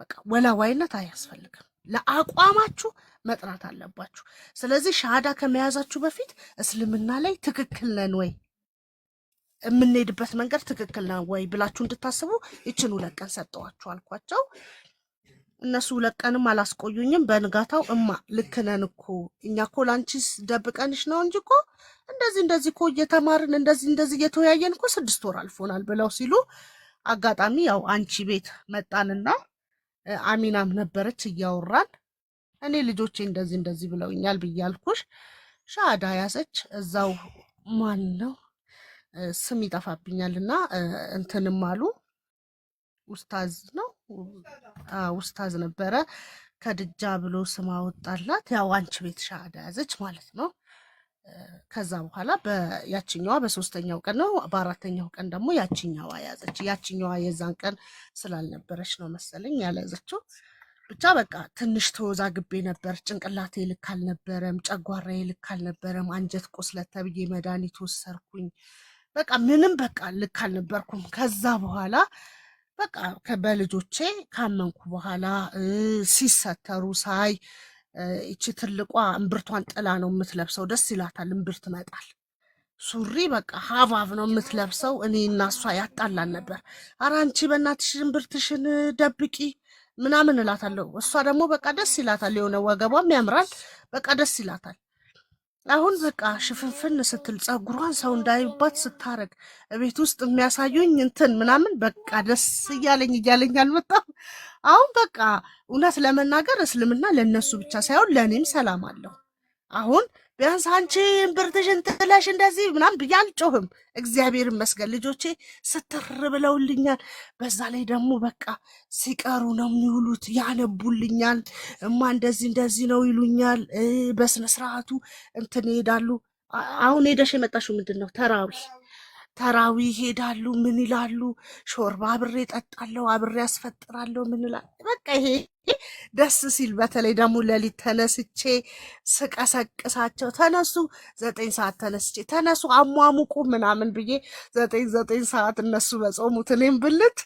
በቃ ወላዋይነት አያስፈልግም። ለአቋማችሁ መጥናት አለባችሁ። ስለዚህ ሻሃዳ ከመያዛችሁ በፊት እስልምና ላይ ትክክል ነን ወይ የምንሄድበት መንገድ ትክክል ነን ወይ ብላችሁ እንድታስቡ ይችን ሁለት ቀን ሰጠዋችሁ አልኳቸው። እነሱ ሁለት ቀንም አላስቆዩኝም። በንጋታው እማ ልክ ነን እኮ እኛ እኮ ላንቺስ ደብቀንሽ ነው እንጂ እኮ እንደዚህ እንደዚህ እኮ እየተማርን እንደዚህ እንደዚህ እየተወያየን እኮ ስድስት ወር አልፎናል ብለው ሲሉ አጋጣሚ ያው አንቺ ቤት መጣንና አሚናም ነበረች እያወራን እኔ ልጆቼ እንደዚህ እንደዚህ ብለውኛል ብያልኩሽ ሻዳ ያዘች። እዛው ማን ነው ስም ይጠፋብኛል እና እንትንም አሉ ውስታዝ ነው ውስታዝ ነበረ ከድጃ ብሎ ስም አወጣላት። ያው አንቺ ቤት ሻዳ ያዘች ማለት ነው። ከዛ በኋላ ያችኛዋ በሶስተኛው ቀን ነው። በአራተኛው ቀን ደግሞ ያችኛዋ ያዘች። ያችኛዋ የዛን ቀን ስላልነበረች ነው መሰለኝ ያለያዘችው። ብቻ በቃ ትንሽ ተወዛ ግቤ ነበር። ጭንቅላቴ ይልክ አልነበረም፣ ጨጓራ ይልክ አልነበረም። አንጀት ቁስለት ተብዬ መድኃኒት ወሰድኩኝ። በቃ ምንም በቃ ልክ አልነበርኩም። ከዛ በኋላ በቃ በልጆቼ ካመንኩ በኋላ ሲሰተሩ ሳይ ይቺ ትልቋ እምብርቷን ጥላ ነው የምትለብሰው። ደስ ይላታል። እምብርት መጣል ሱሪ በቃ ሀባብ ነው የምትለብሰው። እኔ እና እሷ ያጣላን ነበር። አራንቺ አንቺ በእናትሽ እምብርትሽን ደብቂ ምናምን እላታለሁ። እሷ ደግሞ በቃ ደስ ይላታል። የሆነ ወገቧም ያምራል። በቃ ደስ ይላታል። አሁን በቃ ሽፍንፍን ስትል ጸጉሯን ሰው እንዳይባት ስታረግ ቤት ውስጥ የሚያሳዩኝ እንትን ምናምን በቃ ደስ እያለኝ እያለኝ አልመጣም። አሁን በቃ እውነት ለመናገር እስልምና ለእነሱ ብቻ ሳይሆን ለእኔም ሰላም አለው አሁን ቢያንስ አንቺ እምብርትሽን ትለሽ እንደዚህ ምናምን ብዬ አልጮህም። እግዚአብሔር ይመስገን ልጆቼ ስትር ብለውልኛል። በዛ ላይ ደግሞ በቃ ሲቀሩ ነው የሚውሉት፣ ያነቡልኛል። እማ እንደዚህ እንደዚህ ነው ይሉኛል። በስነ ስርዓቱ እንትን ይሄዳሉ። አሁን ሄደሽ የመጣሽው ምንድን ነው? ተራዊ ተራዊ ይሄዳሉ። ምን ይላሉ? ሾርባ አብሬ እጠጣለሁ፣ አብሬ ያስፈጥራለሁ። ምን ይላል? በቃ ይሄ ደስ ሲል በተለይ ደግሞ ለሊት ተነስቼ ስቀሰቅሳቸው ተነሱ ዘጠኝ ሰዓት ተነስቼ ተነሱ አሟሙቁ ምናምን ብዬ ዘጠኝ ዘጠኝ ሰዓት እነሱ በጾሙት እኔም ብልት